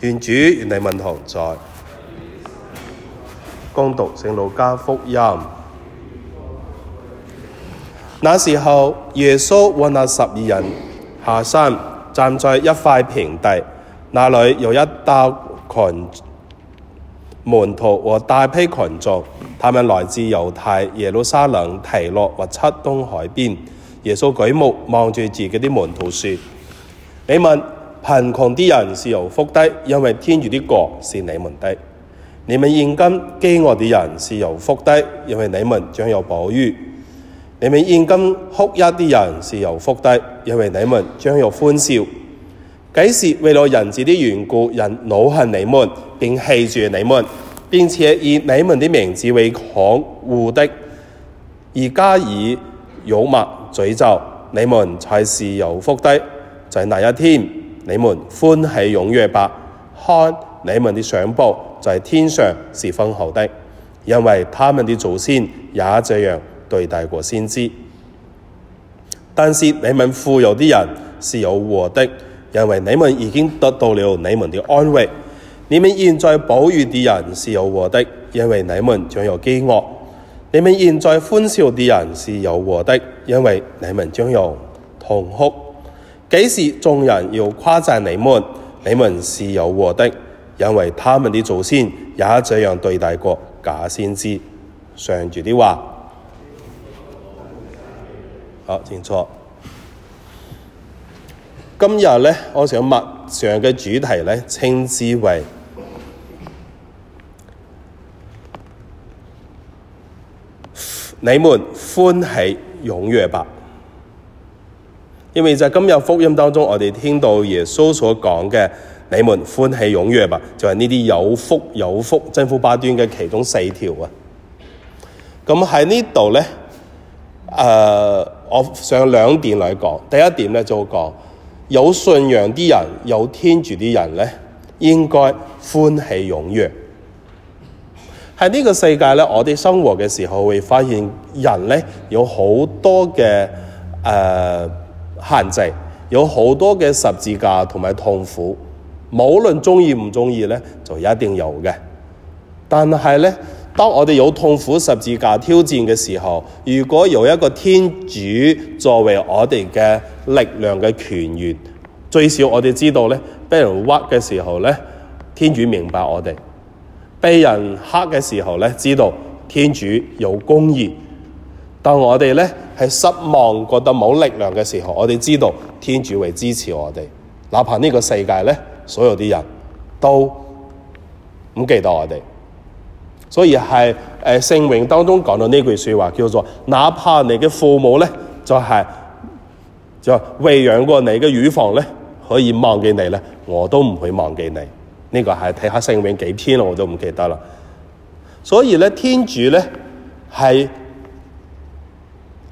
願主與你們同在。恭讀《聖路加福音》，那時候耶穌和那十二人下山，站在一塊平地，那裏有一大群門徒和大批群眾，他們來自猶太、耶路撒冷、提洛和七東海邊。耶穌舉目望住自己啲門徒說：你問。貧窮的人是有福的，因為天主的國是你們的。你們現今飢餓的人是有福的，因為你們將有飽饫。你們現今哭泣的人是有福的，因為你們將有歡笑。幾時為了人子的緣故，人惱恨你們，並棄絕你們，並且以你們的名字為可惡的，而加以辱罵、詛咒你們，才是有福的，在、就是、那一天。你們歡喜踴躍吧，看你們的賞報在天上是豐厚的，因為他們的祖先也這樣對待過先知。但是你們富有的人是有禍的，因為你們已經得到了你們的安慰。你們現在飽飫的人是有禍的，因為你們將有饑餓。你們現在歡笑的人是有禍的，因為你們將有，有，有痛哭。幾時眾人要誇讚你們？你們是有禍的，因為他們的祖先也這樣對待過假先知。上主的話，好清楚。今日呢，我想物上嘅主題呢，稱之為你們歡喜踴躍吧。因為在今日福音當中，我哋聽到耶穌所講嘅，你們歡喜踴躍吧，就係呢啲有福有福，真福八端嘅其中四條啊。咁喺呢度咧，誒、呃，我想兩點嚟講，第一點咧就講有信仰啲人，有天主啲人咧，應該歡喜踴躍。喺呢個世界咧，我哋生活嘅時候會發現人咧有好多嘅誒。呃限制有好多嘅十字架同埋痛苦，無論中意唔中意咧，就一定有嘅。但係咧，當我哋有痛苦十字架挑戰嘅時候，如果有一個天主作為我哋嘅力量嘅權源，最少我哋知道咧，俾人屈嘅時候咧，天主明白我哋；俾人黑嘅時候咧，知道天主有公義。當我哋咧係失望，覺得冇力量嘅時候，我哋知道天主會支持我哋。哪怕呢個世界咧，所有啲人都唔記得我哋，所以係誒聖詠當中講到呢句說話，叫做哪怕你嘅父母咧，就係、是、就餵養過你嘅乳房咧，可以忘記你咧，我都唔會忘記你。呢、這個係睇下聖詠幾篇，我都唔記得啦。所以咧，天主咧係。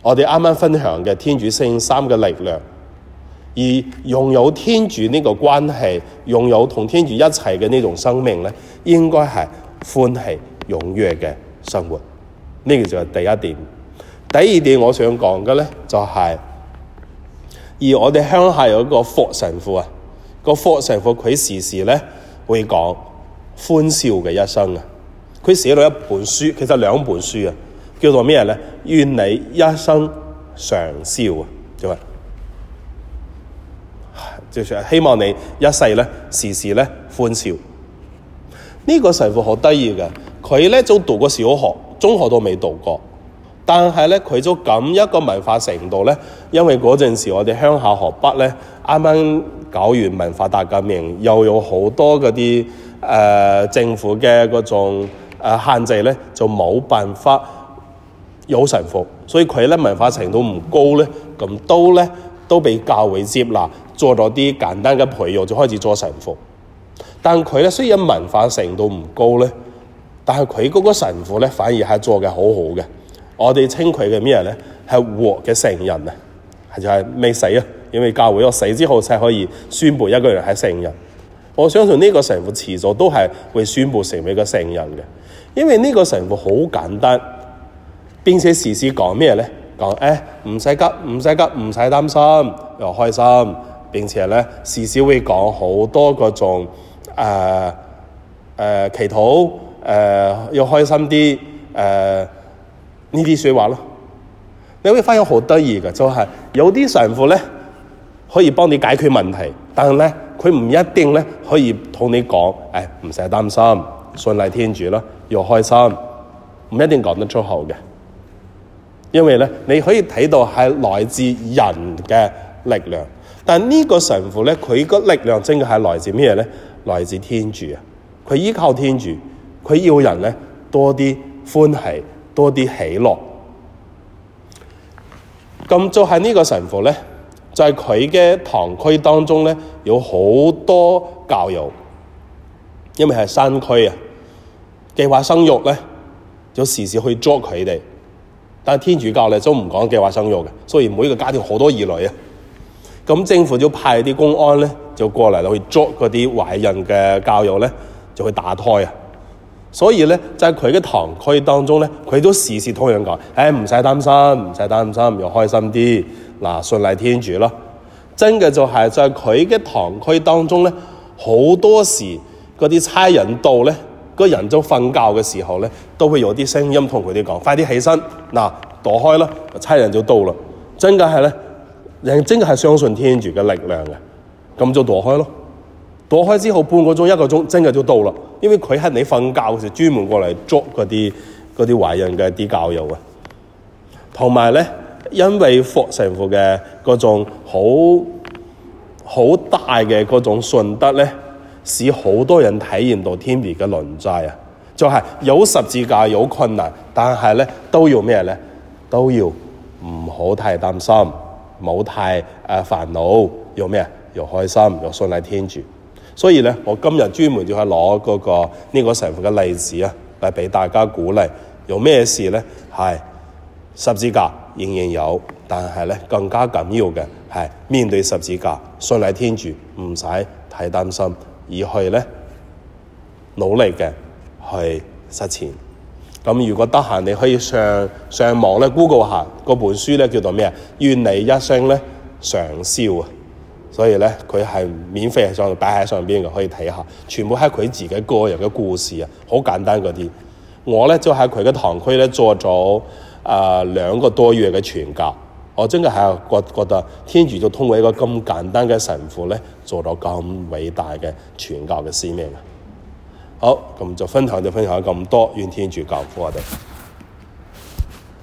我哋啱啱分享嘅天主聖三嘅力量，而擁有天主呢個關係，擁有同天主一齊嘅呢種生命咧，應該係歡喜踴躍嘅生活。呢個就係第一點。第二點我想講嘅咧，就係而我哋鄉下有一個霍神父啊，個霍神父佢時時咧會講歡笑嘅一生啊，佢寫咗一本書，其實兩本書啊。叫做咩咧？願你一生常笑啊！就話，就希望你一世咧，時時咧歡笑。呢個神父好得意嘅，佢咧就讀過小學、中學都未讀過，但係咧佢就咁一個文化程度咧，因為嗰陣時我哋鄉下河北咧，啱啱搞完文化大革命，又有好多嗰啲誒政府嘅嗰種誒限制咧，就冇辦法。有神父，所以佢咧文化程度唔高咧，咁都咧都畀教會接納，做咗啲簡單嘅培育就開始做神父。但佢咧雖然文化程度唔高咧，但係佢嗰個神父咧反而係做嘅好好嘅。我哋稱佢嘅咩咧？係活嘅聖人啊，就係、係、未死啊。因為教會我死之後先可以宣布一個人係聖人。我相信呢個神父遲早都係會宣布成為一個聖人嘅，因為呢個神父好簡單。並且時時講咩咧？講誒唔使急，唔使急，唔使擔心，又開心。並且咧時時會講好多個種誒誒、呃呃、祈禱誒、呃，要開心啲誒呢啲説話咯。你會發現好得意嘅，就係、是、有啲神父咧可以幫你解決問題，但係咧佢唔一定咧可以同你講誒唔使擔心，信賴天主咯，又開心，唔一定講得出口嘅。因為咧，你可以睇到係來自人嘅力量，但呢個神父咧，佢個力量真嘅係來自咩咧？來自天主啊！佢依靠天主，佢要人咧多啲歡喜，多啲喜樂。咁就係呢個神父咧，就係佢嘅堂區當中咧，有好多教友，因為係山區啊，計劃生育咧，就時時去捉佢哋。但天主教咧都唔講計劃生育嘅，所以每個家庭好多兒女啊。咁政府就派啲公安咧，就過嚟去捉嗰啲懷孕嘅教友咧，就去打胎啊。所以咧，就係佢嘅堂區當中咧，佢都時時同樣講：誒唔使擔心，唔使擔心，又開心啲，嗱信賴天主咯。真嘅就係就係佢嘅堂區當中咧，好多時嗰啲差人到咧。嗰人就度瞓覺嘅時候咧，都會有啲聲音同佢哋講：快啲起身，嗱、啊、躲開啦！差人就到啦。真嘅係咧，人真係相信天主嘅力量嘅，咁就躲開咯。躲開之後半個鐘一個鐘，真係就到啦。因為佢係你瞓覺嘅時候專門過嚟捉嗰啲嗰啲壞人嘅啲教友啊。同埋咧，因為霍神父嘅嗰種好好大嘅嗰種信德咧。使好多人體驗到天庇嘅臨在啊！就係、是、有十字架有困難，但係咧都要咩咧？都要唔好太擔心，冇太誒煩惱，又咩啊？又開心，又信賴天主。所以咧，我今日專門就去攞嗰個呢、這個神父嘅例子啊，嚟俾大家鼓勵。有咩事咧？係十字架仍然有，但係咧更加緊要嘅係面對十字架，信賴天主，唔使太擔心。而去咧努力嘅去實踐。咁如果得閒，你可以上上網咧，Google 下嗰本書咧，叫做咩啊？願你一生咧常笑啊！所以咧，佢係免費，上去擺喺上邊嘅，可以睇下。全部係佢自己個人嘅故事啊，好簡單嗰啲。我咧就喺佢嘅堂區咧做咗啊、呃、兩個多月嘅傳教。我真嘅係覺得天主就通過一個咁簡單嘅神父咧，做到咁偉大嘅傳教嘅使命啊！好，咁就分享就分享咁多，願天主教父我哋。